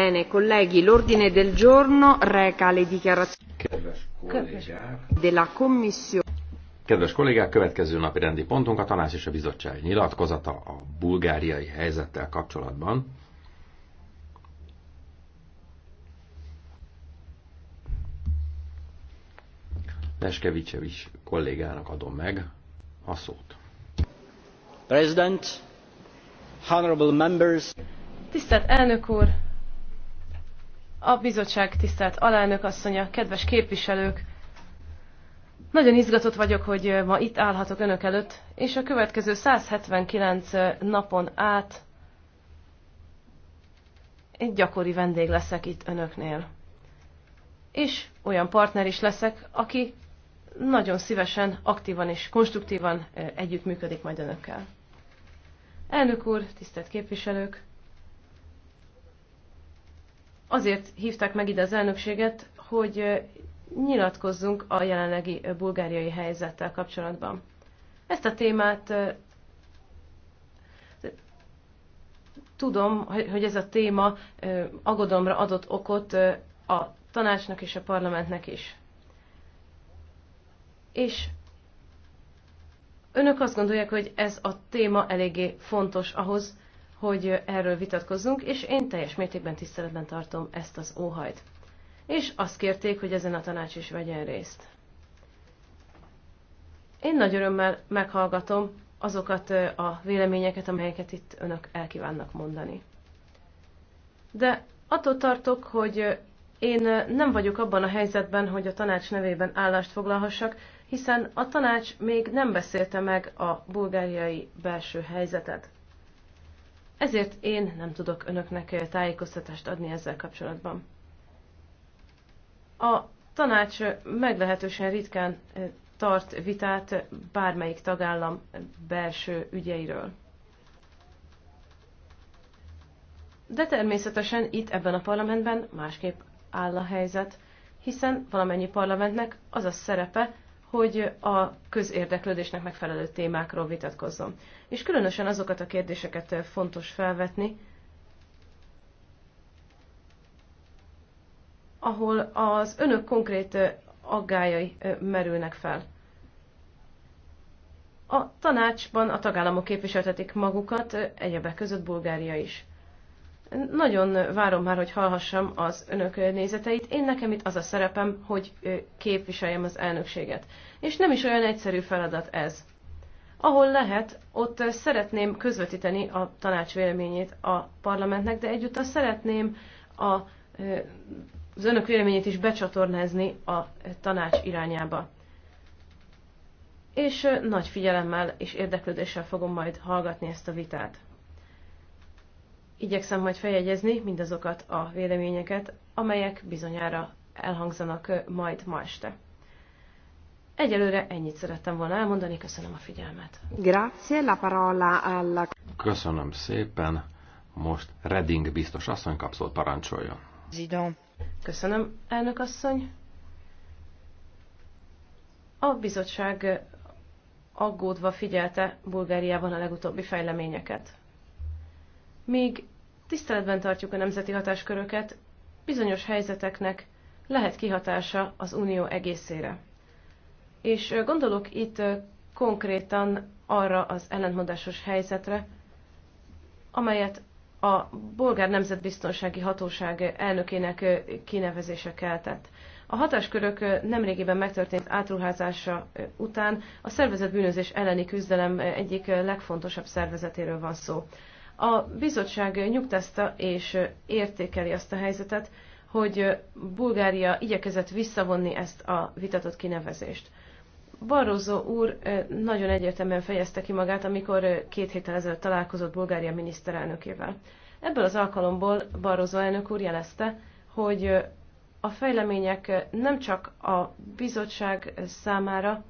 Bene, colleghi, l'ordine del giorno reca le dichiarazioni della Commissione. Kedves kollégák, következő napi rendi pontunk a tanács és a bizottság nyilatkozata a bulgáriai helyzettel kapcsolatban. is kollégának adom meg a szót. President, honorable members. Tisztelt elnök úr, a bizottság tisztelt alelnök asszonya, kedves képviselők! Nagyon izgatott vagyok, hogy ma itt állhatok önök előtt, és a következő 179 napon át egy gyakori vendég leszek itt önöknél. És olyan partner is leszek, aki nagyon szívesen, aktívan és konstruktívan együttműködik majd önökkel. Elnök úr, tisztelt képviselők! azért hívták meg ide az elnökséget, hogy nyilatkozzunk a jelenlegi bulgáriai helyzettel kapcsolatban. Ezt a témát tudom, hogy ez a téma agodomra adott okot a tanácsnak és a parlamentnek is. És önök azt gondolják, hogy ez a téma eléggé fontos ahhoz, hogy erről vitatkozzunk, és én teljes mértékben tiszteletben tartom ezt az óhajt. És azt kérték, hogy ezen a tanács is vegyen részt. Én nagy örömmel meghallgatom azokat a véleményeket, amelyeket itt önök elkívánnak mondani. De attól tartok, hogy én nem vagyok abban a helyzetben, hogy a tanács nevében állást foglalhassak, hiszen a tanács még nem beszélte meg a bulgáriai belső helyzetet. Ezért én nem tudok önöknek tájékoztatást adni ezzel kapcsolatban. A tanács meglehetősen ritkán eh, tart vitát bármelyik tagállam belső ügyeiről. De természetesen itt ebben a parlamentben másképp áll a helyzet, hiszen valamennyi parlamentnek az a szerepe, hogy a közérdeklődésnek megfelelő témákról vitatkozzon. És különösen azokat a kérdéseket fontos felvetni, ahol az önök konkrét aggájai merülnek fel. A tanácsban a tagállamok képviseltetik magukat, egyebek között Bulgária is. Nagyon várom már, hogy hallhassam az önök nézeteit. Én nekem itt az a szerepem, hogy képviseljem az elnökséget. És nem is olyan egyszerű feladat ez. Ahol lehet, ott szeretném közvetíteni a tanács véleményét a parlamentnek, de egyúttal szeretném a, az önök véleményét is becsatornázni a tanács irányába. És nagy figyelemmel és érdeklődéssel fogom majd hallgatni ezt a vitát. Igyekszem majd feljegyezni mindazokat a véleményeket, amelyek bizonyára elhangzanak majd ma este. Egyelőre ennyit szerettem volna elmondani, köszönöm a figyelmet. Grazie, la parola alla... Köszönöm szépen, most Redding biztos asszony kapszolt parancsoljon. Zidon. Köszönöm, elnök asszony. A bizottság aggódva figyelte Bulgáriában a legutóbbi fejleményeket. Míg tiszteletben tartjuk a nemzeti hatásköröket, bizonyos helyzeteknek lehet kihatása az unió egészére. És gondolok itt konkrétan arra az ellentmondásos helyzetre, amelyet a Bolgár Nemzetbiztonsági Hatóság elnökének kinevezése keltett. A hatáskörök nemrégiben megtörtént átruházása után a szervezett bűnözés elleni küzdelem egyik legfontosabb szervezetéről van szó. A bizottság nyugtázta és értékeli azt a helyzetet, hogy Bulgária igyekezett visszavonni ezt a vitatott kinevezést. Barroso úr eh, nagyon egyértelműen fejezte ki magát, amikor eh, két héttel ezelőtt találkozott Bulgária miniszterelnökével. Ebből az alkalomból Barroso elnök úr jelezte, hogy eh, a fejlemények nem csak a bizottság számára,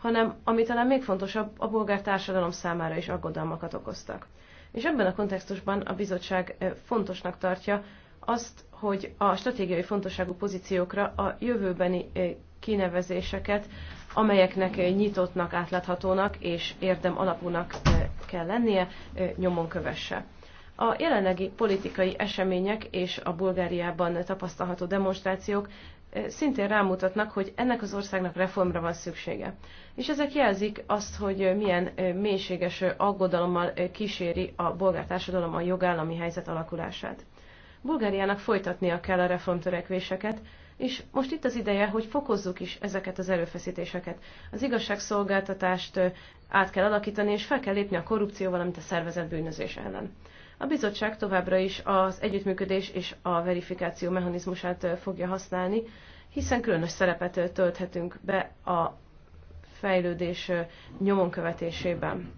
hanem ami talán még fontosabb, a bolgár társadalom számára is aggodalmakat okoztak. És ebben a kontextusban a bizottság fontosnak tartja azt, hogy a stratégiai fontosságú pozíciókra a jövőbeni kinevezéseket, amelyeknek nyitottnak, átláthatónak és érdem alapúnak kell lennie, nyomon kövesse. A jelenlegi politikai események és a Bulgáriában tapasztalható demonstrációk szintén rámutatnak, hogy ennek az országnak reformra van szüksége. És ezek jelzik azt, hogy milyen mélységes aggodalommal kíséri a bolgár társadalom a jogállami helyzet alakulását. Bulgáriának folytatnia kell a reformtörekvéseket, és most itt az ideje, hogy fokozzuk is ezeket az erőfeszítéseket. Az igazságszolgáltatást át kell alakítani, és fel kell lépni a korrupció, valamint a szervezett bűnözés ellen. A bizottság továbbra is az együttműködés és a verifikáció mechanizmusát fogja használni, hiszen különös szerepet tölthetünk be a fejlődés nyomon követésében.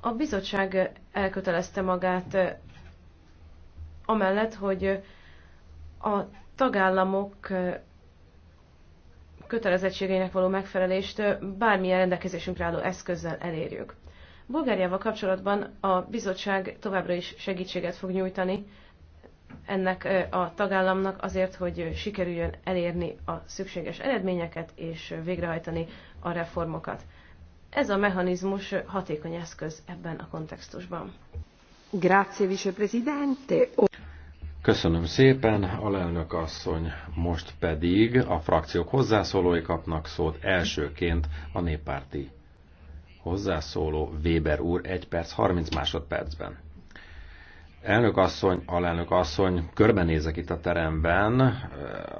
A bizottság elkötelezte magát amellett, hogy a tagállamok kötelezettségeinek való megfelelést bármilyen rendelkezésünkre álló eszközzel elérjük. Bulgáriával kapcsolatban a bizottság továbbra is segítséget fog nyújtani ennek a tagállamnak azért, hogy sikerüljön elérni a szükséges eredményeket és végrehajtani a reformokat. Ez a mechanizmus hatékony eszköz ebben a kontextusban. Grazie, vicepresidente. Köszönöm szépen, alelnök asszony. Most pedig a frakciók hozzászólói kapnak szót elsőként a néppárti Hozzászóló Weber úr 1 perc 30 másodpercben. Elnök asszony, alelnök asszony, körbenézek itt a teremben,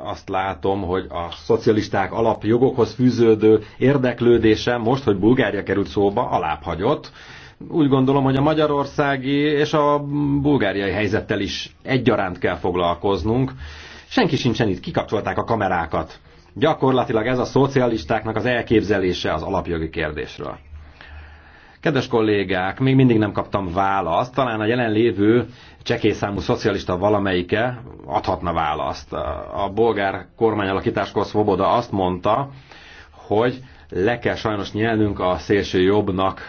azt látom, hogy a szocialisták alapjogokhoz fűződő érdeklődése most, hogy Bulgária került szóba, alábbhagyott. Úgy gondolom, hogy a magyarországi és a bulgáriai helyzettel is egyaránt kell foglalkoznunk. Senki sincsen itt, kikapcsolták a kamerákat. Gyakorlatilag ez a szocialistáknak az elképzelése az alapjogi kérdésről. Kedves kollégák, még mindig nem kaptam választ. Talán a jelenlévő csekélyszámú szocialista valamelyike adhatna választ. A bolgár kormányalakításkor Svoboda azt mondta, hogy le kell sajnos nyelnünk a szélső jobbnak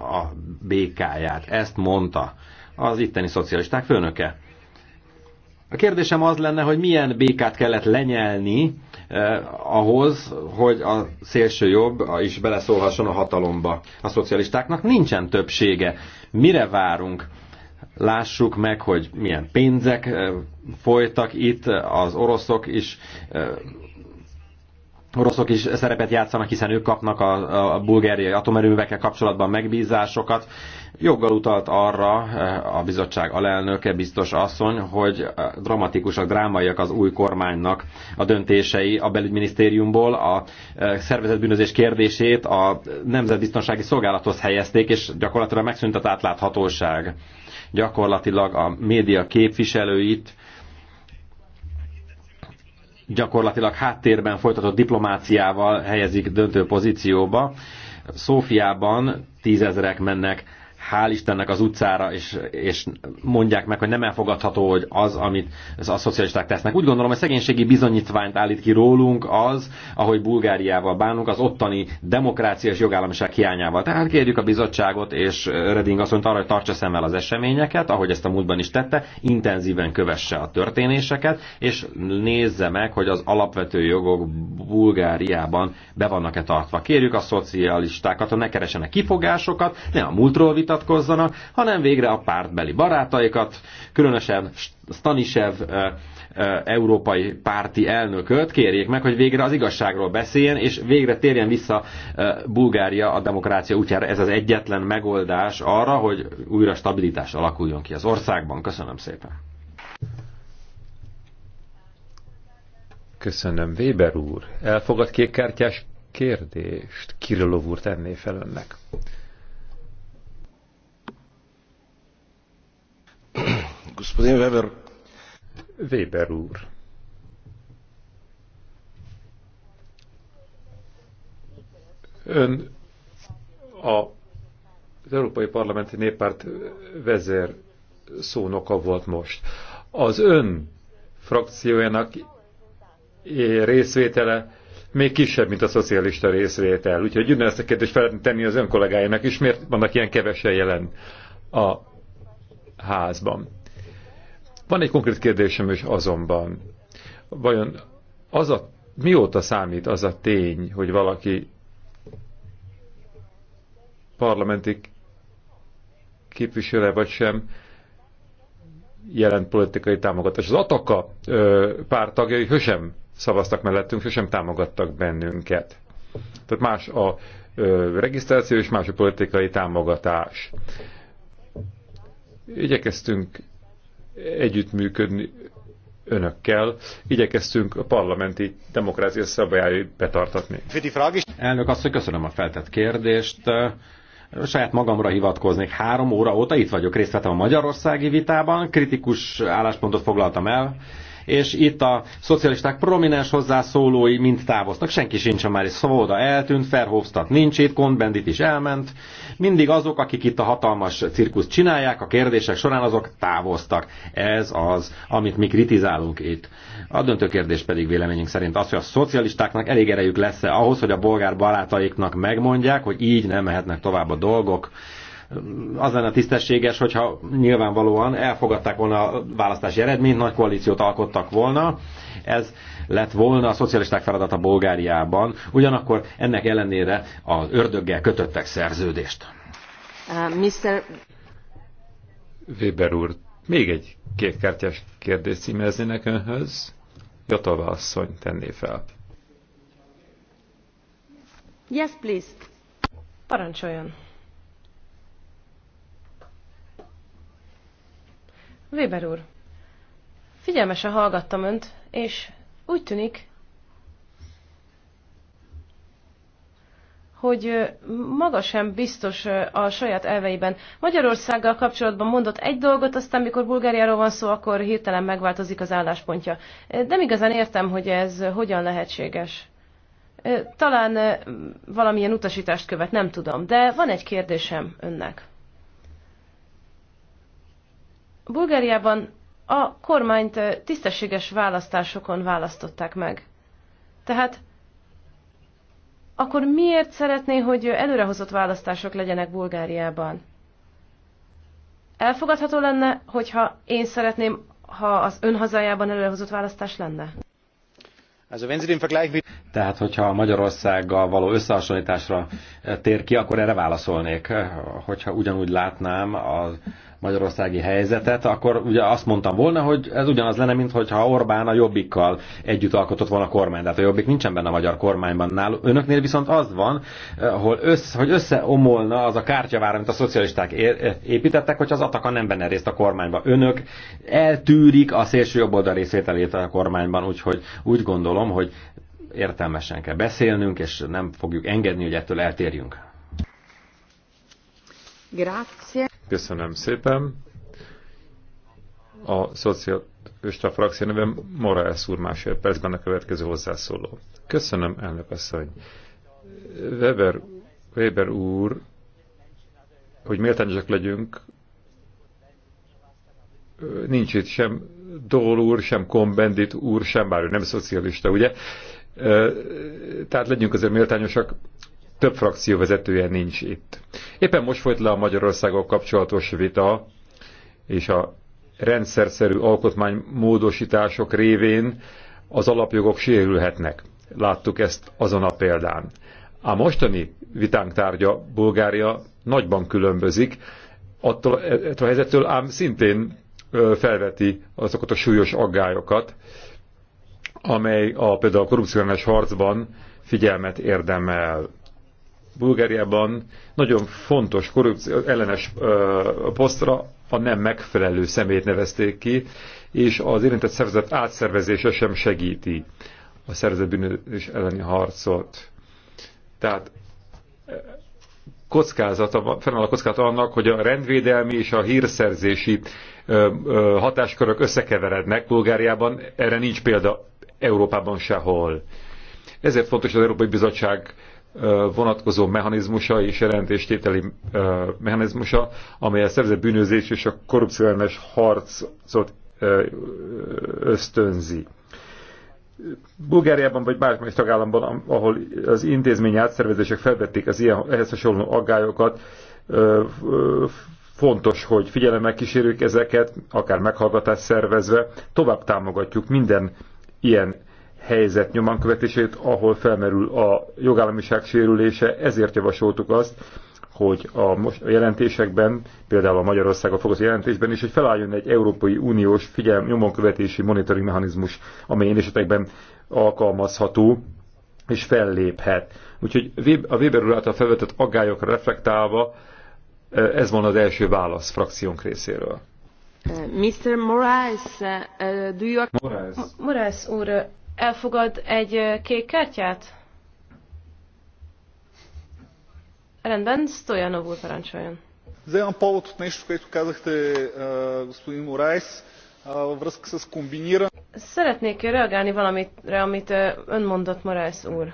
a békáját. Ezt mondta az itteni szocialisták főnöke. A kérdésem az lenne, hogy milyen békát kellett lenyelni, Eh, ahhoz, hogy a szélső jobb is beleszólhasson a hatalomba. A szocialistáknak nincsen többsége. Mire várunk? Lássuk meg, hogy milyen pénzek eh, folytak itt, eh, az oroszok is oroszok is szerepet játszanak, hiszen ők kapnak a, a bulgáriai atomerőművekkel kapcsolatban megbízásokat. Joggal utalt arra eh, a bizottság alelnöke, biztos asszony, hogy eh, dramatikusak, drámaiak az új kormánynak a döntései a belügyminisztériumból. A eh, szervezetbűnözés kérdését a Nemzetbiztonsági Szolgálathoz helyezték, és gyakorlatilag megszűnt az átláthatóság. Gyakorlatilag a média képviselőit gyakorlatilag háttérben folytatott diplomáciával helyezik döntő pozícióba. Szófiában tízezrek mennek hál' Istennek az utcára, és, és mondják meg, hogy nem elfogadható, hogy az, amit az a szocialisták tesznek. Úgy gondolom, hogy szegénységi bizonyítványt állít ki rólunk az, ahogy Bulgáriával bánunk, az ottani demokrácia és jogállamiság hiányával. Tehát kérjük a bizottságot és Reding mondta arra, hogy tartsa szemmel az eseményeket, ahogy ezt a múltban is tette, intenzíven kövesse a történéseket, és nézze meg, hogy az alapvető jogok Bulgáriában be vannak-e tartva. Kérjük a szocialistákat, hogy ne keresenek kifogásokat, ne a múltról vita, vitatkozzanak, hanem végre a pártbeli barátaikat, különösen Stanisev európai párti elnököt kérjék meg, hogy végre az igazságról beszéljen, és végre térjen vissza Bulgária a demokrácia útjára. Ez az egyetlen megoldás arra, hogy újra stabilitás alakuljon ki az országban. Köszönöm szépen. Köszönöm, Weber úr. Elfogad kártyás kérdést? Kirilov úr tenné fel önnek. Господин Вебер. Weber úr. Ön a, az Európai Parlamenti Néppárt vezér szónoka volt most. Az ön frakciójának részvétele még kisebb, mint a szocialista részvétel. Úgyhogy jönne ezt a kérdést fel tenni az ön kollégájának is, miért vannak ilyen kevesen jelen a házban. Van egy konkrét kérdésem is azonban. Vajon az a, mióta számít az a tény, hogy valaki parlamenti képviselő vagy sem jelent politikai támogatás. Az Ataka ö, pár tagjai sosem szavaztak mellettünk, sosem támogattak bennünket. Tehát más a ö, regisztráció és más a politikai támogatás. Igyekeztünk együttműködni önökkel. Igyekeztünk a parlamenti demokrácia szabályai betartatni. Elnök hogy köszönöm a feltett kérdést. Saját magamra hivatkoznék. Három óra óta itt vagyok, részt vettem a magyarországi vitában, kritikus álláspontot foglaltam el és itt a szocialisták prominens hozzászólói mind távoztak. Senki sincsen már, is Szóda eltűnt, Ferhofstadt nincs itt, Kondbendit is elment. Mindig azok, akik itt a hatalmas cirkuszt csinálják, a kérdések során azok távoztak. Ez az, amit mi kritizálunk itt. A döntő kérdés pedig véleményünk szerint az, hogy a szocialistáknak elég erejük lesz-e ahhoz, hogy a bolgár barátaiknak megmondják, hogy így nem mehetnek tovább a dolgok az lenne tisztességes, hogyha nyilvánvalóan elfogadták volna a választási eredményt, nagy koalíciót alkottak volna. Ez lett volna a szocialisták feladata Bulgáriában. Ugyanakkor ennek ellenére az ördöggel kötöttek szerződést. Uh, Mr. Weber úr, még egy kékkártyás kérdés címeznének önhöz. Jatova asszony tenné fel. Yes, please. Parancsoljon. Weber úr, figyelmesen hallgattam önt, és úgy tűnik, hogy maga sem biztos a saját elveiben. Magyarországgal kapcsolatban mondott egy dolgot, aztán mikor Bulgáriáról van szó, akkor hirtelen megváltozik az álláspontja. Nem igazán értem, hogy ez hogyan lehetséges. Talán valamilyen utasítást követ, nem tudom, de van egy kérdésem önnek. Bulgáriában a kormányt tisztességes választásokon választották meg. Tehát akkor miért szeretné, hogy előrehozott választások legyenek Bulgáriában? Elfogadható lenne, hogyha én szeretném, ha az ön hazájában előrehozott választás lenne? Tehát, hogyha a Magyarországgal való összehasonlításra eh, tér ki, akkor erre válaszolnék. Eh, hogyha ugyanúgy látnám az magyarországi helyzetet, akkor ugye azt mondtam volna, hogy ez ugyanaz lenne, mint hogyha Orbán a Jobbikkal együtt alkotott volna a kormány. Tehát a Jobbik nincsen benne a magyar kormányban. Nál, önöknél viszont az van, eh, hol össz, hogy összeomolna az a kártyavár, amit a szocialisták eh, építettek, hogy az Ataka nem benne részt a kormányban. Önök eltűrik a szélső oldal részvételét a kormányban, úgyhogy úgy gondolom, hogy értelmesen kell beszélnünk, és nem fogjuk engedni, hogy ettől eltérjünk. Grazie. Köszönöm szépen. A szocialista frakció nevem Moraes úr másodpercben a következő hozzászóló. Köszönöm, elnök asszony. Weber, Weber úr, hogy méltányosak legyünk, nincs itt sem Dól úr, sem Kombendit úr, sem bár ő nem szocialista, ugye? Tehát legyünk azért méltányosak több frakció vezetője nincs itt. Éppen most folyt le a Magyarországok kapcsolatos vita, és a rendszerszerű alkotmánymódosítások révén az alapjogok sérülhetnek. Láttuk ezt azon a példán. A mostani vitánk tárgya Bulgária nagyban különbözik, attól, e, ettől a helyzettől ám szintén felveti azokat a súlyos aggályokat, amely a, például a korrupciós harcban figyelmet érdemel. Bulgáriában nagyon fontos korrupció ellenes posztra a nem megfelelő szemét nevezték ki, és az érintett szervezet átszervezése sem segíti a szervezet bűnözés elleni harcot. Tehát kockázata, fennáll a kockázata annak, hogy a rendvédelmi és a hírszerzési hatáskörök összekeverednek Bulgáriában, erre nincs példa Európában sehol. Ezért fontos az Európai Bizottság vonatkozó mechanizmusa és jelentéstételi mechanizmusa, amely a szervezett bűnözés és a korrupciós harcot ösztönzi. Bulgáriában vagy bármely tagállamban, ahol az intézmény átszervezések felvették az ilyen, ehhez hasonló aggályokat, fontos, hogy figyelemmel kísérjük ezeket, akár meghallgatás szervezve, tovább támogatjuk minden ilyen helyzet nyomankövetését, ahol felmerül a jogállamiság sérülése, ezért javasoltuk azt, hogy a, most, a jelentésekben, például a a foglalkozó jelentésben is, hogy felálljon egy Európai Uniós figyelm nyomonkövetési monitoring mechanizmus, amely én esetekben alkalmazható és felléphet. Úgyhogy a Weber úr által felvetett aggályokra reflektálva, e, ez van az első válasz frakciónk részéről. Mr. Moraes, uh, do you... Moraes. Moraes úr, Elfogad egy kék kártyát? Rendben, Stojanov úr parancsoljon. a повод от нещо, което казахте, господин Морайс, във връзка с комбиниран... Szeretnék reagálni valamire, amit ön mondott, Morales úr.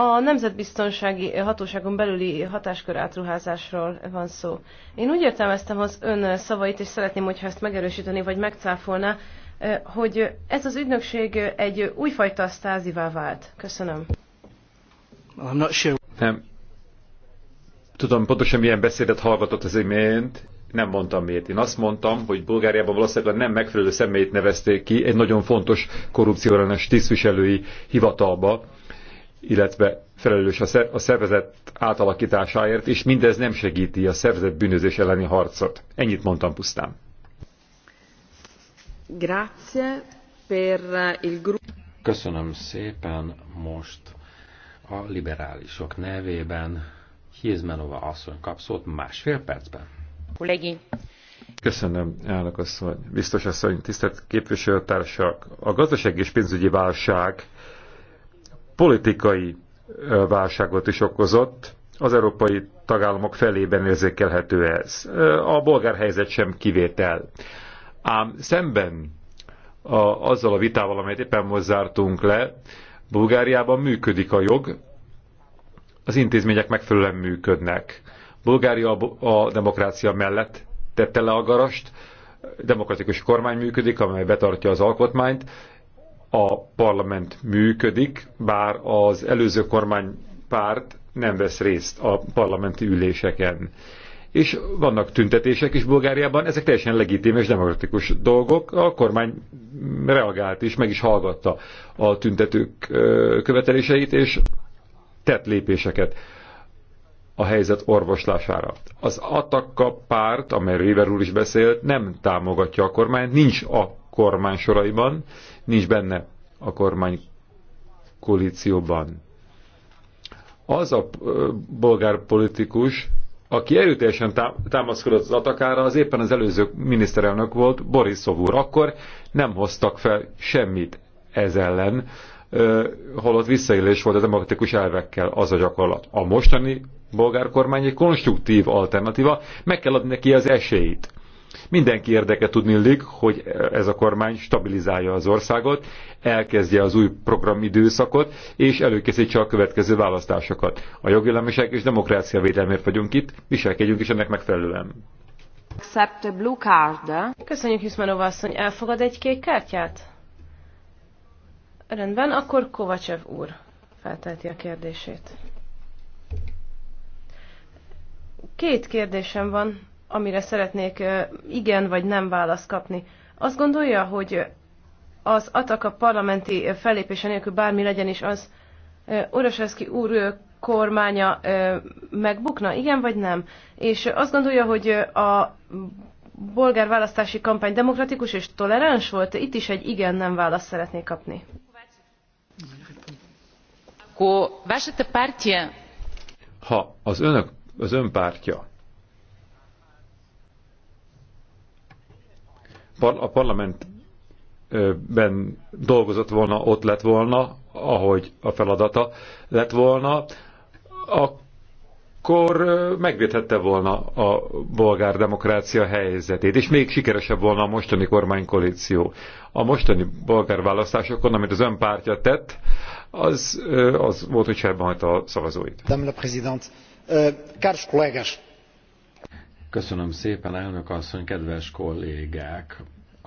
A nemzetbiztonsági hatóságon belüli hatáskör átruházásról van szó. Én úgy értelmeztem az ön szavait, és szeretném, hogyha ezt megerősíteni, vagy megcáfolná, eh, hogy ez az ügynökség egy újfajta sztázivá vált. Köszönöm. I'm not sure. Nem. Tudom pontosan milyen beszédet hallgatott az imént, nem mondtam miért. Én azt mondtam, hogy Bulgáriában valószínűleg nem megfelelő személyt nevezték ki egy nagyon fontos korrupcióellenes tisztviselői hivatalba, illetve felelős a szervezet átalakításáért, és mindez nem segíti a szervezet bűnözés elleni harcot. Ennyit mondtam pusztán. Grazie per il gruppo. Köszönöm szépen most a liberálisok nevében. Hizmenova asszony kap szót másfél percben. Kollégi. Köszönöm, elnök asszony, biztos asszony, tisztelt képviselőtársak. A gazdaság és pénzügyi válság politikai válságot is okozott, az európai tagállamok felében érzékelhető ez. A bolgár helyzet sem kivétel. Ám szemben a, azzal a vitával, amelyet éppen most zártunk le, Bulgáriában működik a jog, az intézmények megfelelően működnek. Bulgária a, demokrácia mellett tette le a garast, demokratikus kormány működik, amely betartja az alkotmányt, a parlament működik, bár az előző kormánypárt nem vesz részt a parlamenti üléseken. És vannak tüntetések is Bulgáriában, ezek teljesen legitim és demokratikus dolgok. A kormány reagált is, meg is hallgatta a tüntetők követeléseit, és tett lépéseket a helyzet orvoslására. Az Ataka párt, amely River úr is beszélt, nem támogatja a kormányt, nincs a kormány soraiban, nincs benne a kormány koalícióban. Az a bolgár politikus, aki erőteljesen támaszkodott az atakára, az éppen az előző miniszterelnök volt, Boris Szovúr. Akkor nem hoztak fel semmit ez ellen, holott visszaélés volt a demokratikus elvekkel az a gyakorlat. A mostani bolgár kormány egy konstruktív alternatíva, meg kell adni neki az esélyt. Mindenki érdeke tudni illik, hogy ez a kormány stabilizálja az országot, elkezdje az új programidőszakot, és előkészítse a következő választásokat. A jogállamiság és demokrácia védelmért vagyunk itt, viselkedjünk is ennek megfelelően. Accept a blue card. Köszönjük, Hiszmanova asszony. Elfogad egy kék kártyát? Rendben, akkor Kovacsev úr felteheti a kérdését. Két kérdésem van amire szeretnék igen vagy nem választ kapni. Azt gondolja, hogy az Ataka parlamenti fellépése nélkül bármi legyen is az, Oroseszki úr kormánya megbukna, igen vagy nem? És azt gondolja, hogy a bolgár választási kampány demokratikus és toleráns volt? Itt is egy igen-nem választ szeretnék kapni. Ha az önök, az ön pártja a parlamentben dolgozott volna, ott lett volna, ahogy a feladata lett volna, akkor megvédhette volna a bolgár demokrácia helyzetét, és még sikeresebb volna a mostani kormánykoalíció. A mostani bolgár választásokon, amit az ön pártja tett, az, az volt, hogy sehebben hagyta a szavazóit. Dame la présidente, euh, Köszönöm szépen, elnök asszony, kedves kollégák!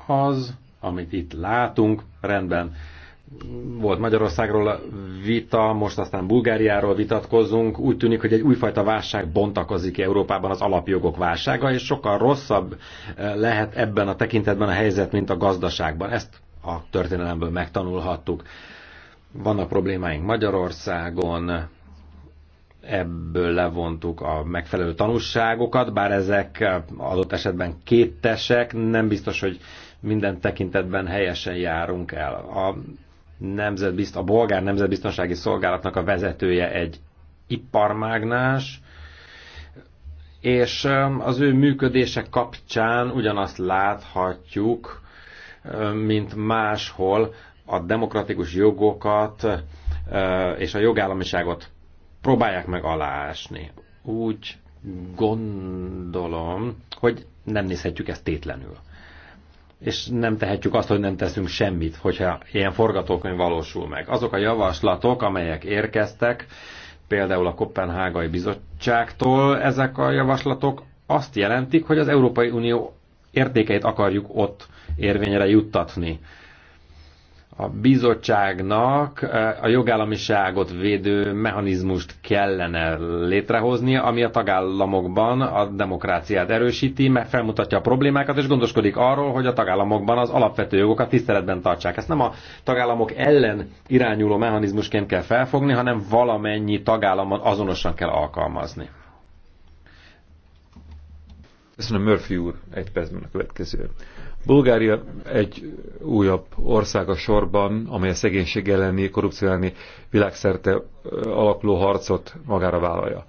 Az, amit itt látunk, rendben, volt Magyarországról a vita, most aztán Bulgáriáról vitatkozunk. Úgy tűnik, hogy egy újfajta válság bontakozik Európában, az alapjogok válsága, és sokkal rosszabb eh, lehet ebben a tekintetben a helyzet, mint a gazdaságban. Ezt a történelemből megtanulhattuk. Vannak problémáink Magyarországon, ebből levontuk a megfelelő tanulságokat, bár ezek eh, adott esetben kétesek, nem biztos, hogy minden tekintetben helyesen járunk el. A, nemzetbizt, a bolgár nemzetbiztonsági szolgálatnak a vezetője egy iparmágnás, és eh, az ő működése kapcsán ugyanazt láthatjuk, eh, mint máshol a demokratikus jogokat és a jogállamiságot próbálják meg aláásni. Úgy gondolom, hogy nem nézhetjük ezt tétlenül. És nem tehetjük azt, hogy nem teszünk semmit, hogyha ilyen forgatókönyv valósul meg. Azok a javaslatok, amelyek érkeztek, például a Kopenhágai Bizottságtól, ezek a javaslatok azt jelentik, hogy az Európai Unió értékeit akarjuk ott érvényre juttatni a bizottságnak eh, a jogállamiságot védő mechanizmust kellene létrehozni, ami a tagállamokban a demokráciát erősíti, meg felmutatja a problémákat, és gondoskodik arról, hogy a tagállamokban az alapvető jogokat tiszteletben tartsák. Ezt nem a tagállamok ellen irányuló mechanizmusként kell felfogni, hanem valamennyi tagállamon azonosan kell alkalmazni. Köszönöm, Murphy úr, egy percben a következő. Bulgária egy újabb ország a sorban, amely a szegénység elleni, korrupció elleni világszerte alakuló harcot magára vállalja.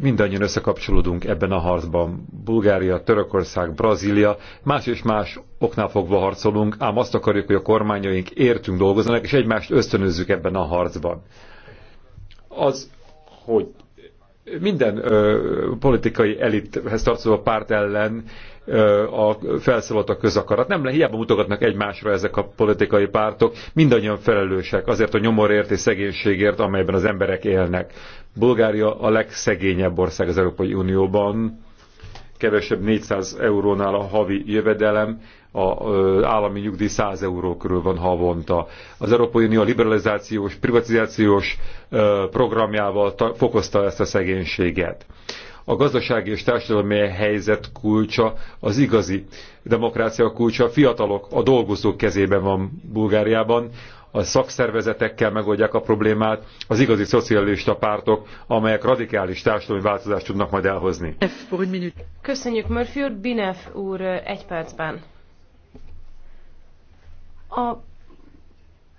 Mindannyian összekapcsolódunk ebben a harcban. Bulgária, Törökország, Brazília, más és más oknál fogva harcolunk, ám azt akarjuk, hogy a kormányaink értünk dolgozzanak, és egymást ösztönözzük ebben a harcban. Az, hogy minden ö, politikai elithez tartozó párt ellen ö, a felszólalt a közakarat. Nem le, hiába mutogatnak egymásra ezek a politikai pártok, mindannyian felelősek azért a nyomorért és szegénységért, amelyben az emberek élnek. Bulgária a legszegényebb ország az Európai Unióban kevesebb 400 eurónál a havi jövedelem, az állami nyugdíj 100 euró körül van havonta. Az Európai Unió liberalizációs, privatizációs programjával fokozta ezt a szegénységet. A gazdasági és társadalmi helyzet kulcsa, az igazi demokrácia kulcsa, a fiatalok, a dolgozók kezében van Bulgáriában a szakszervezetekkel megoldják a problémát, az igazi szocialista pártok, amelyek radikális társadalmi változást tudnak majd elhozni. Köszönjük Murphy úr, Binef úr egy percben. A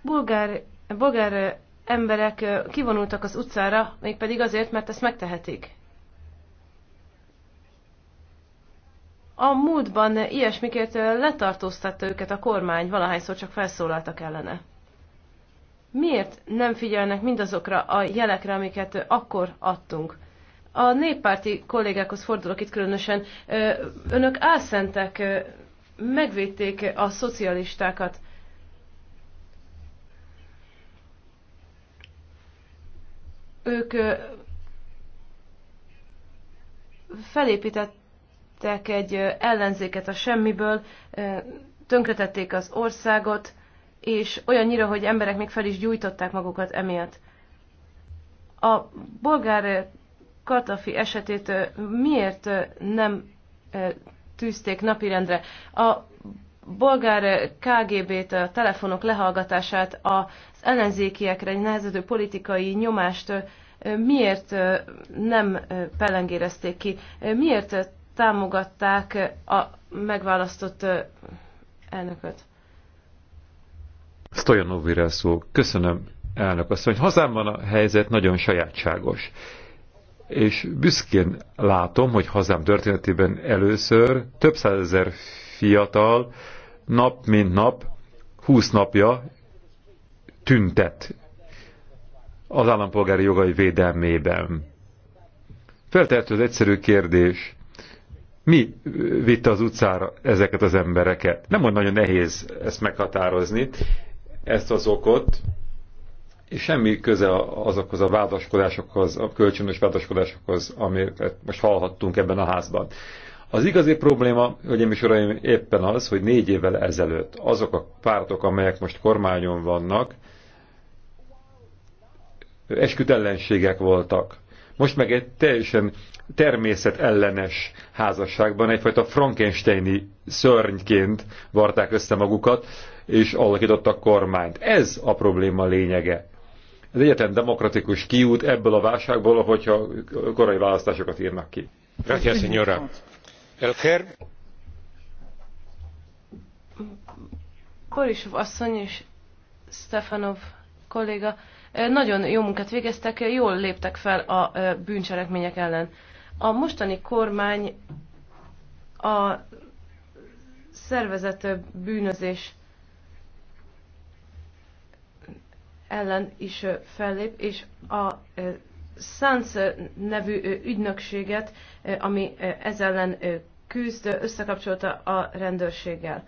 bulgár, bulgár emberek kivonultak az utcára, mégpedig azért, mert ezt megtehetik. A múltban ilyesmikért letartóztatta őket a kormány, valahányszor csak felszólaltak ellene miért nem figyelnek mindazokra a jelekre, amiket akkor adtunk? A néppárti kollégákhoz fordulok itt különösen. Önök álszentek, megvédték a szocialistákat. Ők felépítettek egy ellenzéket a semmiből, tönkretették az országot, és olyannyira, hogy emberek még fel is gyújtották magukat emiatt. A bolgár Katafi esetét miért nem tűzték napirendre? A bolgár KGB-t, a telefonok lehallgatását, az ellenzékiekre egy nehezedő politikai nyomást miért nem pelengérezték ki? Miért támogatták a megválasztott elnököt? Stojanovira szó. Köszönöm, elnök asszony. Hazámban a helyzet nagyon sajátságos. És büszkén látom, hogy hazám történetében először több százezer fiatal nap mint nap, húsz napja tüntet az állampolgári jogai védelmében. Feltehető az egyszerű kérdés, mi vitte az utcára ezeket az embereket? Nem olyan nagyon nehéz ezt meghatározni, ezt az okot, és semmi köze azokhoz a vádaskodásokhoz, a kölcsönös vádaskodásokhoz, amiket most hallhattunk ebben a házban. Az igazi probléma, hölgyeim és uraim, éppen az, hogy négy évvel ezelőtt azok a pártok, amelyek most kormányon vannak, esküt ellenségek voltak. Most meg egy teljesen természetellenes házasságban egyfajta frankensteini szörnyként varták össze magukat, és alakítottak kormányt. Ez a probléma lényege. Ez egyetlen demokratikus kiút ebből a válságból, hogyha korai választásokat írnak ki. Gracias, señora. Elker. Borisov asszony és Stefanov kolléga nagyon jó munkát végeztek, jól léptek fel a bűncselekmények ellen. A mostani kormány a szervezett bűnözés ellen is fellép, és a SANS nevű ügynökséget, ami ez ellen küzd, összekapcsolta a rendőrséggel.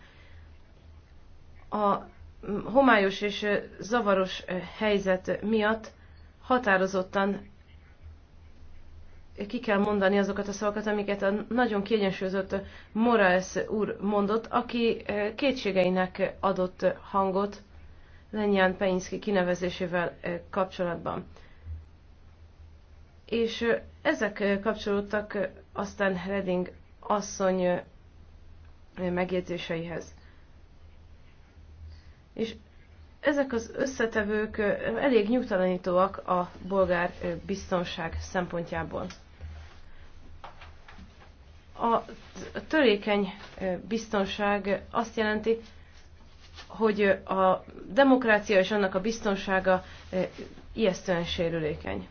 A homályos és zavaros helyzet miatt határozottan ki kell mondani azokat a szavakat, amiket a nagyon kiegyensúlyozott Moraes úr mondott, aki kétségeinek adott hangot Lenyán Peinszki kinevezésével kapcsolatban. És ezek kapcsolódtak aztán Reding asszony megjegyzéseihez. És ezek az összetevők elég nyugtalanítóak a bolgár biztonság szempontjából. A törékeny biztonság azt jelenti, hogy a demokrácia és annak a biztonsága ijesztően sérülékeny.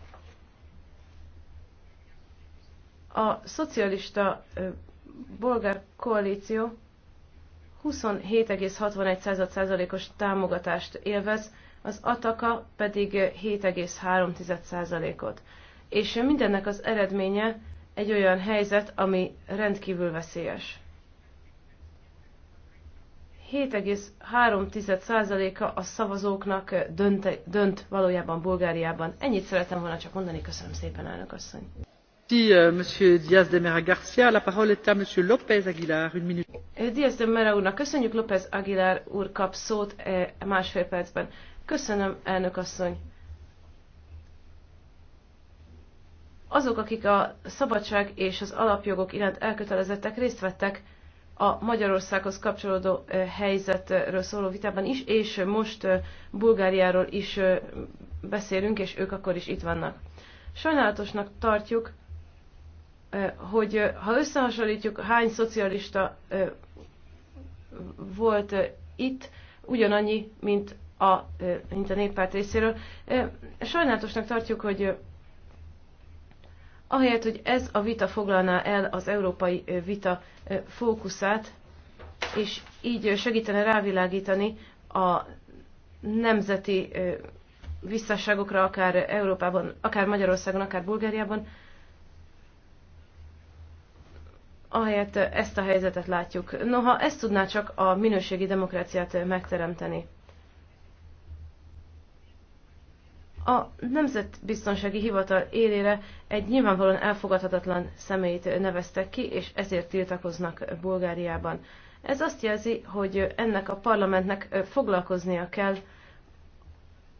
A szocialista bolgár koalíció 27,61%-os támogatást élvez, az Ataka pedig 7,3%-ot. És mindennek az eredménye egy olyan helyzet, ami rendkívül veszélyes. 7,3%-a a szavazóknak dönt, dönt valójában Bulgáriában. Ennyit szeretem volna csak mondani, köszönöm szépen, elnök asszony. Euh, Diaz de Mera López Aguilar, euh, Diaz de Mera úrnak köszönjük, López Aguilar úr kap szót e, másfél percben. Köszönöm, elnök asszony. Azok, akik a szabadság és az alapjogok iránt elkötelezettek, részt vettek a Magyarországhoz kapcsolódó e, helyzetről szóló vitában is, és most e, Bulgáriáról is beszélünk, és ők akkor is itt vannak. Sajnálatosnak tartjuk, hogy ha összehasonlítjuk, hány szocialista volt itt, ugyanannyi, mint a, mint a néppárt részéről. Sajnálatosnak tartjuk, hogy ahelyett, hogy ez a vita foglalná el az európai vita fókuszát, és így segítene rávilágítani a nemzeti visszasságokra, akár Európában, akár Magyarországon, akár Bulgáriában, ahelyett ezt a helyzetet látjuk. Noha ezt tudná csak a minőségi demokráciát megteremteni. a Nemzetbiztonsági Hivatal élére egy nyilvánvalóan elfogadhatatlan személyt neveztek ki, és ezért tiltakoznak Bulgáriában. Ez azt jelzi, hogy ennek a parlamentnek foglalkoznia kell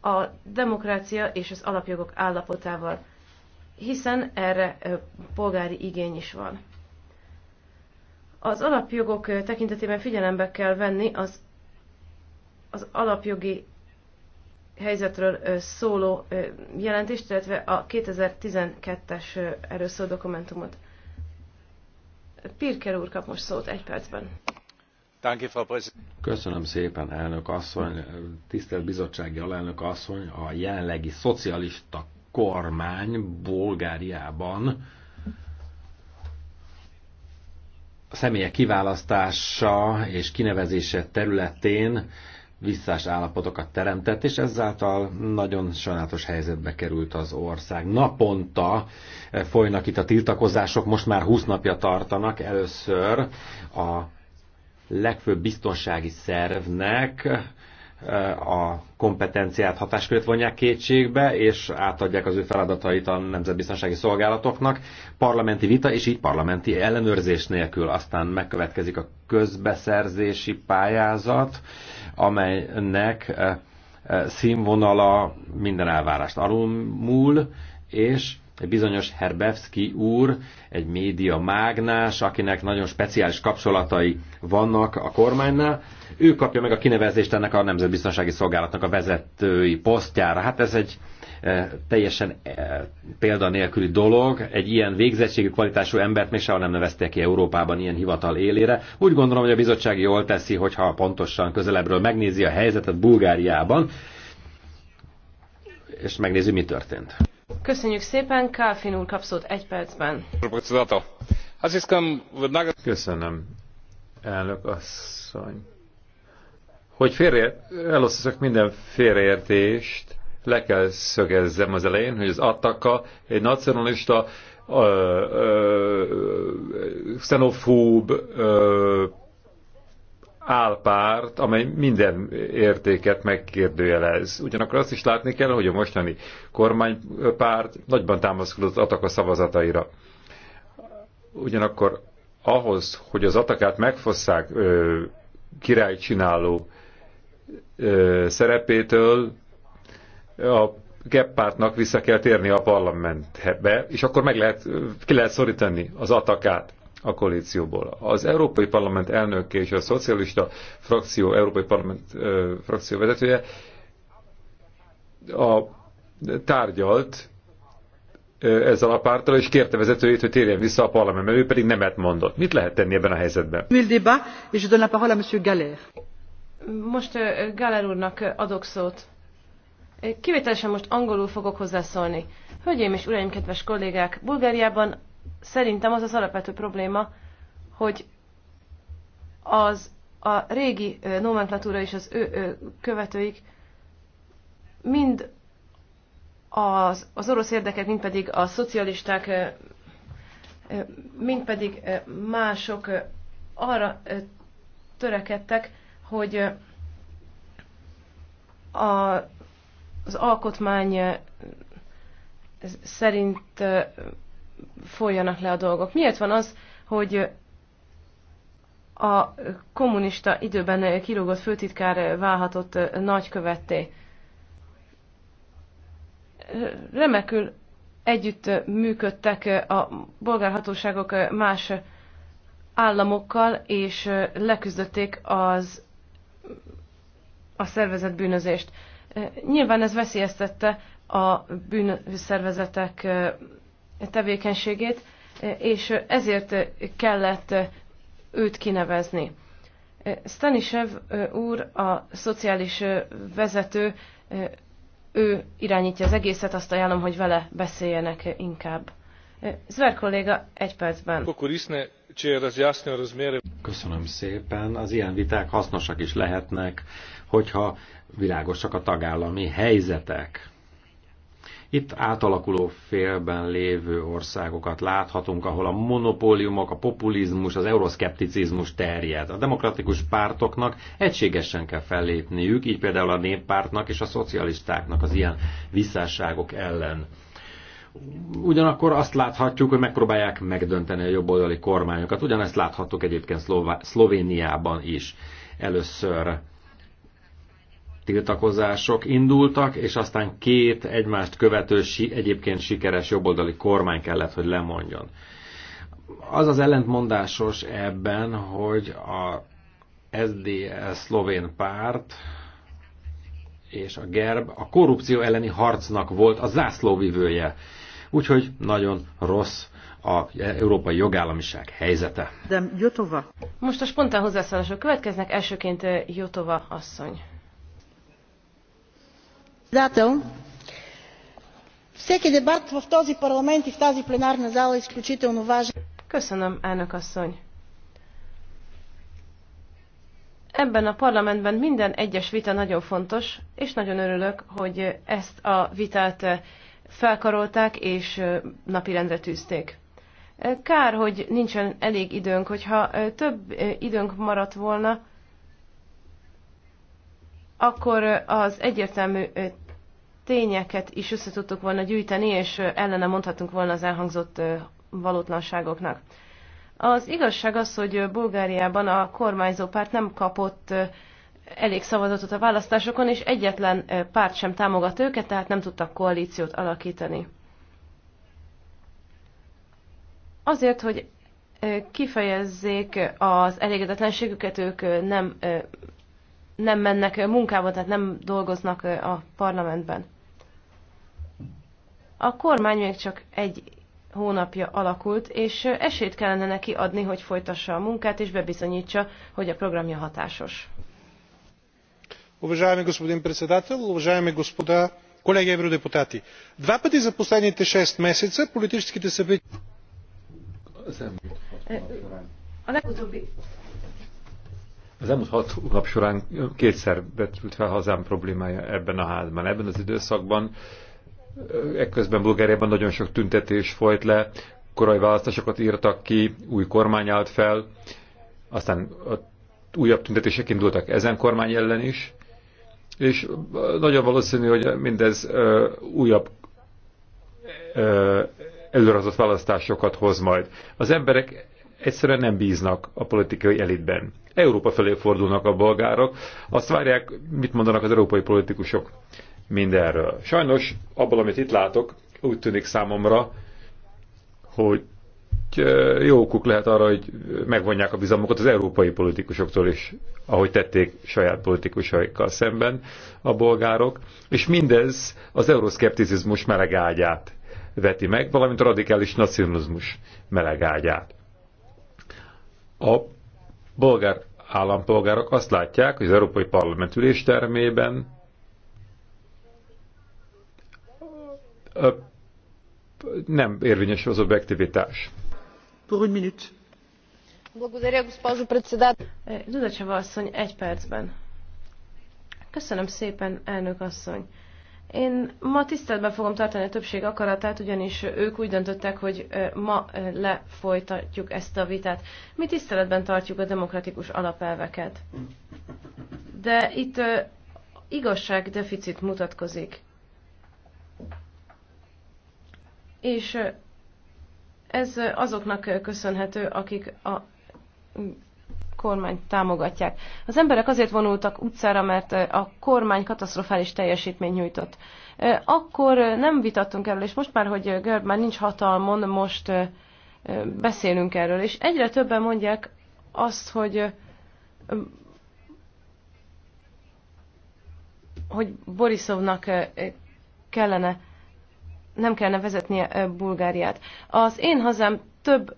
a demokrácia és az alapjogok állapotával, hiszen erre polgári igény is van. Az alapjogok tekintetében figyelembe kell venni az, az alapjogi helyzetről szóló jelentést, illetve a 2012-es erről szóló dokumentumot. Pirker úr kap most szót egy percben. Köszönöm szépen, elnök asszony, tisztelt bizottsági alelnök asszony, a jelenlegi szocialista kormány Bulgáriában a személyek kiválasztása és kinevezése területén visszás állapotokat teremtett, és ezáltal nagyon sajnálatos helyzetbe került az ország. Naponta eh, folynak itt a tiltakozások, most már 20 napja tartanak. Először a legfőbb biztonsági szervnek a kompetenciát, hatáskörét vonják kétségbe, és átadják az ő feladatait a nemzetbiztonsági szolgálatoknak parlamenti vita, és így parlamenti ellenőrzés nélkül. Aztán megkövetkezik a közbeszerzési pályázat, amelynek eh, eh, színvonala minden elvárást alulmúl, és egy bizonyos Herbevski úr, egy média mágnás, akinek nagyon speciális kapcsolatai vannak a kormánynál, ő kapja meg a kinevezést ennek a Nemzetbiztonsági Szolgálatnak a vezetői posztjára. Hát ez egy e, teljesen e, példanélküli dolog. Egy ilyen végzettségű kvalitású embert még soha nem neveztek ki Európában ilyen hivatal élére. Úgy gondolom, hogy a bizottság jól teszi, hogyha pontosan közelebbről megnézi a helyzetet Bulgáriában, és megnézi, mi történt. Köszönjük szépen, Kálfin úr egy percben. Köszönöm, elnök asszony. Hogy félre, elosztaszok minden félreértést, le kell szögezzem az elején, hogy az Attaka egy nacionalista, ö, ö, xenofób, ö, álpárt, amely minden értéket megkérdőjelez. Ugyanakkor azt is látni kell, hogy a mostani kormánypárt nagyban támaszkodott Ataka szavazataira. Ugyanakkor ahhoz, hogy az Atakát megfosszák ö, királycsináló ö, szerepétől, a Geppártnak vissza kell térni a parlamentbe, és akkor meg lehet, ki lehet szorítani az Atakát a koalícióból. Az Európai Parlament elnöke és a szocialista frakció, Európai Parlament ö, frakció vezetője a, tárgyalt ö, ezzel a pártal, és kérte vezetőjét, hogy térjen vissza a parlament, mert ő pedig nemet mondott. Mit lehet tenni ebben a helyzetben? Most Galler úrnak adok szót. Kivételesen most angolul fogok hozzászólni. Hölgyeim és uraim, kedves kollégák, Bulgáriában szerintem az az alapvető probléma, hogy az a régi nomenklatúra és az ő, ő követőik mind az, az orosz érdekek, mind pedig a szocialisták, mind pedig mások arra törekedtek, hogy a, az alkotmány szerint folyjanak le a dolgok. Miért van az, hogy a kommunista időben kilógott főtitkár válhatott nagykövetté? Remekül együtt működtek a bolgárhatóságok más államokkal, és leküzdötték az a szervezet bűnözést. Nyilván ez veszélyeztette a bűnszervezetek tevékenységét, és ezért kellett őt kinevezni. Stanisev úr, a szociális vezető, ő irányítja az egészet, azt ajánlom, hogy vele beszéljenek inkább. Zver kolléga, egy percben. Köszönöm szépen. Az ilyen viták hasznosak is lehetnek, hogyha világosak a tagállami helyzetek itt átalakuló félben lévő országokat láthatunk, ahol a monopóliumok, a populizmus, az euroszkepticizmus terjed. A demokratikus pártoknak egységesen kell fellépniük, így például a néppártnak és a szocialistáknak az ilyen visszásságok ellen. Ugyanakkor azt láthatjuk, hogy megpróbálják megdönteni a jobboldali kormányokat. Ugyanezt láthattuk egyébként Szlová- Szlovéniában is először tiltakozások indultak, és aztán két egymást követő, egyébként sikeres jobboldali kormány kellett, hogy lemondjon. Az az ellentmondásos ebben, hogy a SDS e szlovén párt és a GERB a korrupció elleni harcnak volt a zászlóvivője. Úgyhogy nagyon rossz a európai jogállamiság helyzete. De Jotova. Most a spontán hozzászólások következnek, elsőként Jotova asszony председател всеки дебат в този парламент и в тази пленарна зала е изключително важен. Köszönöm, elnök asszony. Ebben a parlamentben minden egyes vita nagyon fontos, és nagyon örülök, hogy ezt a vitát felkarolták és napirendre tűzték. Kár, hogy nincsen elég időnk, hogyha több időnk maradt volna, akkor az egyértelmű tényeket is össze tudtuk volna gyűjteni, és ellene mondhatunk volna az elhangzott valótlanságoknak. Az igazság az, hogy Bulgáriában a kormányzó párt nem kapott elég szavazatot a választásokon, és egyetlen párt sem támogat őket, tehát nem tudtak koalíciót alakítani. Azért, hogy kifejezzék az elégedetlenségüket, ők nem nem mennek munkába, tehát nem dolgoznak a parlamentben. A kormány még csak egy hónapja alakult, és esélyt kellene neki adni, hogy folytassa a munkát, és bebizonyítsa, hogy a programja hatásos. Уважаеми господин председател, уважаеми господа, колеги евродепутати. Два пъти за последните 6 месеца политическите събития... A legutóbbi az elmúlt hat hónap során kétszer betült fel hazám problémája ebben a házban. Ebben az időszakban, ekközben Bulgáriában nagyon sok tüntetés folyt le, korai választásokat írtak ki, új kormány állt fel, aztán újabb tüntetések indultak ezen kormány ellen is, és nagyon valószínű, hogy mindez újabb előrehozott választásokat hoz majd. Az emberek egyszerűen nem bíznak a politikai elitben. Európa felé fordulnak a bolgárok, azt várják, mit mondanak az európai politikusok mindenről. Sajnos abból, amit itt látok, úgy tűnik számomra, hogy jó okuk lehet arra, hogy megvonják a bizalmukat az európai politikusoktól is, ahogy tették saját politikusaikkal szemben a bolgárok, és mindez az euroszkepticizmus melegágyát veti meg, valamint a radikális nacionalizmus melegágyát. A bolgár állampolgárok azt látják, hogy az Európai Parlament termében nem érvényes az objektivitás. Pour une minute. Благодаря, госпожо председател. Дудачева Köszönöm szépen, elnök asszony. Én ma tiszteletben fogom tartani a többség akaratát, ugyanis ők úgy döntöttek, hogy ma lefolytatjuk ezt a vitát. Mi tiszteletben tartjuk a demokratikus alapelveket. De itt igazságdeficit mutatkozik. És ez azoknak köszönhető, akik a kormányt támogatják. Az emberek azért vonultak utcára, mert a kormány katasztrofális teljesítmény nyújtott. Akkor nem vitattunk erről, és most már, hogy Görb már nincs hatalmon, most beszélünk erről. És egyre többen mondják azt, hogy hogy Borisovnak kellene, nem kellene vezetnie Bulgáriát. Az én hazám több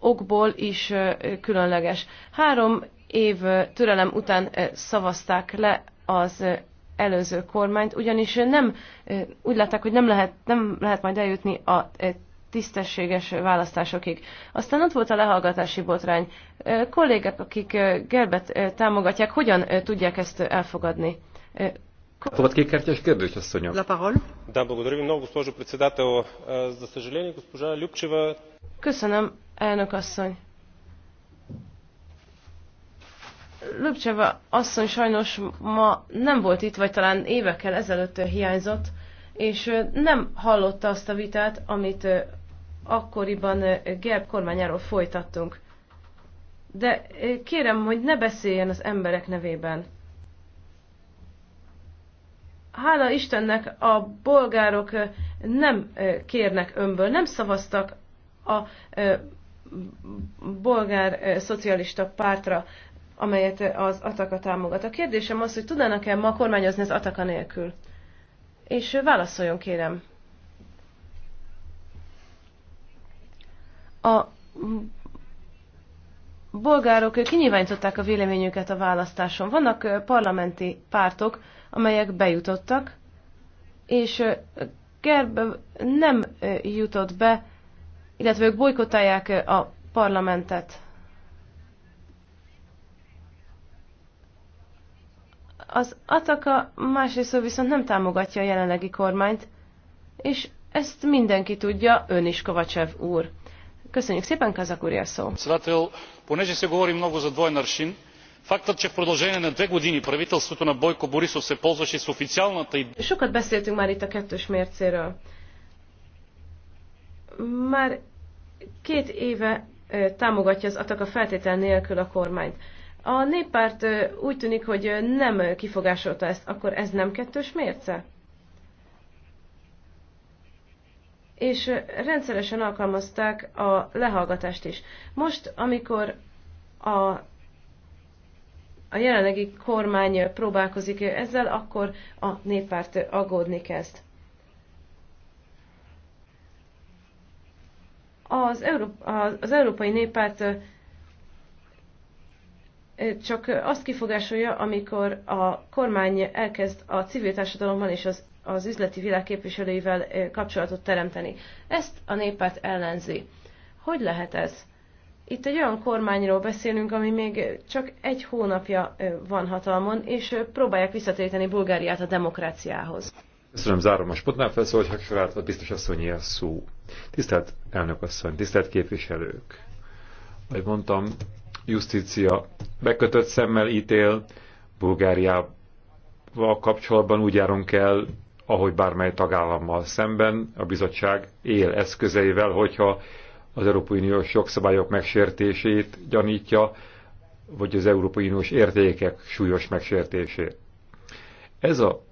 okból is különleges. Három év türelem után szavazták le az előző kormányt, ugyanis nem úgy látták, hogy nem lehet, nem lehet majd eljutni a tisztességes választásokig. Aztán ott volt a lehallgatási botrány. Kollégák, akik Gerbet támogatják, hogyan tudják ezt elfogadni? Volt kékkártyás kérdés, asszonyom. La parole. Да, благодаря ви много, госпожо председател. За съжаление, госпожа Любчева... Köszönöm, Elnök asszony. Löbcseva asszony sajnos ma nem volt itt, vagy talán évekkel ezelőtt hiányzott, és nem hallotta azt a vitát, amit akkoriban Gerb kormányáról folytattunk. De kérem, hogy ne beszéljen az emberek nevében. Hála Istennek a bolgárok nem kérnek önből, nem szavaztak a bolgár eh, szocialista pártra, amelyet eh, az Ataka támogat. A kérdésem az, hogy tudnának-e ma kormányozni az Ataka nélkül? És eh, válaszoljon, kérem. A bolgárok kinyilvánították a véleményüket a választáson. Vannak parlamenti pártok, amelyek bejutottak, és Gerb nem jutott be illetve ők bolykotálják a parlamentet. Az Ataka másrészt viszont nem támogatja a jelenlegi kormányt, és ezt mindenki tudja, ön is Kovacsev úr. Köszönjük szépen, Kazak úr, a szó. Председател, понеже се говори много за двоен аршин, фактът, че в продължение на две години правителството на Бойко Борисов се ползваше с официалната... Sokat beszéltünk már itt a kettős mércéről. Már két éve támogatja az Ataka feltétel nélkül a kormányt. A néppárt úgy tűnik, hogy nem kifogásolta ezt, akkor ez nem kettős mérce? És rendszeresen alkalmazták a lehallgatást is. Most, amikor a, a jelenlegi kormány próbálkozik ezzel, akkor a néppárt aggódni kezd. Az, Európa, az Európai Néppárt csak azt kifogásolja, amikor a kormány elkezd a civil társadalommal és az, az üzleti világ képviselőivel kapcsolatot teremteni. Ezt a néppárt ellenzi. Hogy lehet ez? Itt egy olyan kormányról beszélünk, ami még csak egy hónapja van hatalmon, és próbálják visszatéríteni Bulgáriát a demokráciához. Köszönöm, zárom a spontán felszólítás sorát, a biztos asszonyi a szó. Tisztelt elnök asszony, tisztelt képviselők! Ahogy mondtam, justícia bekötött szemmel ítél, Bulgáriával kapcsolatban úgy járunk el, ahogy bármely tagállammal szemben a bizottság él eszközeivel, hogyha az Európai Uniós jogszabályok megsértését gyanítja, vagy az Európai Uniós értékek súlyos megsértését. Ez a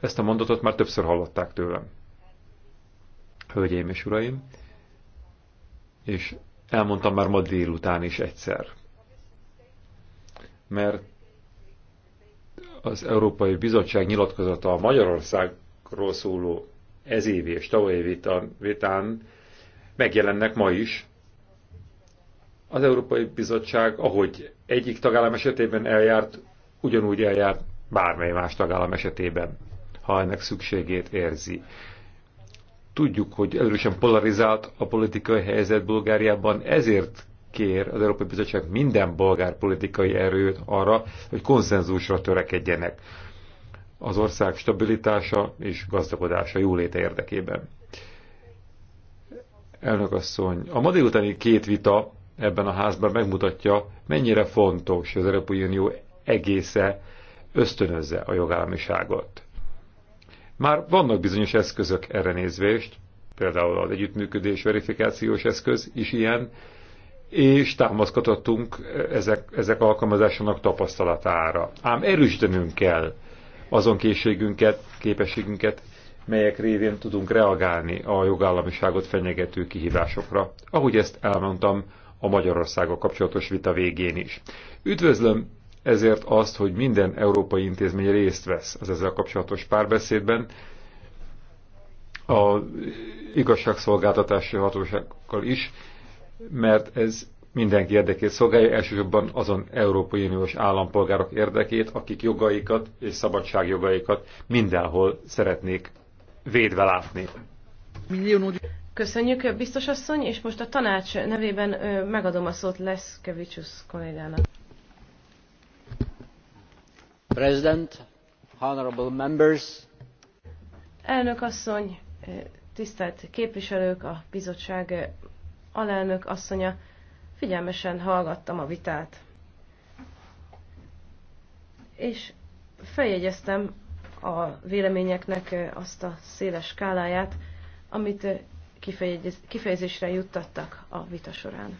ezt a mondatot már többször hallották tőlem. Hölgyeim és uraim, és elmondtam már ma délután is egyszer. Mert az Európai Bizottság nyilatkozata a Magyarországról szóló évi és tavalyi vitán megjelennek ma is. Az Európai Bizottság, ahogy egyik tagállam esetében eljárt, ugyanúgy eljárt bármely más tagállam esetében ha ennek szükségét érzi. Tudjuk, hogy erősen polarizált a politikai helyzet Bulgáriában, ezért kér az Európai Bizottság minden bolgár politikai erőt arra, hogy konszenzusra törekedjenek az ország stabilitása és gazdagodása jóléte érdekében. Elnök asszony, a ma délutáni két vita ebben a házban megmutatja, mennyire fontos, hogy az Európai Unió egésze ösztönözze a jogállamiságot. Már vannak bizonyos eszközök erre nézvést, például az együttműködés verifikációs eszköz is ilyen, és támaszkodhatunk ezek, ezek alkalmazásának tapasztalatára. Ám erősítenünk kell azon készségünket, képességünket, melyek révén tudunk reagálni a jogállamiságot fenyegető kihívásokra, ahogy ezt elmondtam a Magyarországgal kapcsolatos vita végén is. Üdvözlöm ezért azt, hogy minden európai intézmény részt vesz az ezzel kapcsolatos párbeszédben, a igazságszolgáltatási hatósággal is, mert ez mindenki érdekét szolgálja, elsősorban azon Európai Uniós állampolgárok érdekét, akik jogaikat és szabadságjogaikat mindenhol szeretnék védve látni. Köszönjük, biztos asszony, és most a tanács nevében megadom a szót Leszkevicsus kollégának. Elnök asszony, tisztelt képviselők, a bizottság alelnök asszonya, figyelmesen hallgattam a vitát. És feljegyeztem a véleményeknek azt a széles skáláját, amit kifejezésre juttattak a vita során.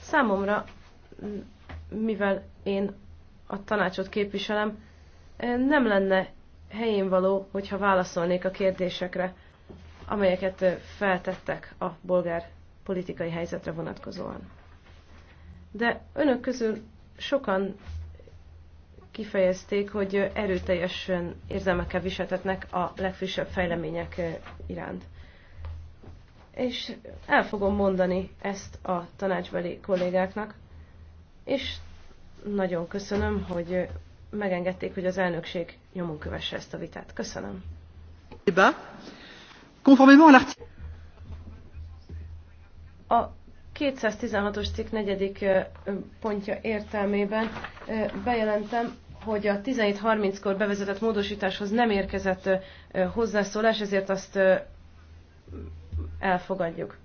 Számomra, mivel én a tanácsot képviselem, nem lenne helyén való, hogyha válaszolnék a kérdésekre, amelyeket feltettek a bolgár politikai helyzetre vonatkozóan. De önök közül sokan kifejezték, hogy erőteljesen érzelmekkel viseltetnek a legfrissebb fejlemények iránt. És el fogom mondani ezt a tanácsbeli kollégáknak, és nagyon köszönöm, hogy megengedték, hogy az elnökség nyomon kövesse ezt a vitát. Köszönöm. A 216-os cikk negyedik pontja értelmében bejelentem, hogy a 17.30-kor bevezetett módosításhoz nem érkezett hozzászólás, ezért azt elfogadjuk.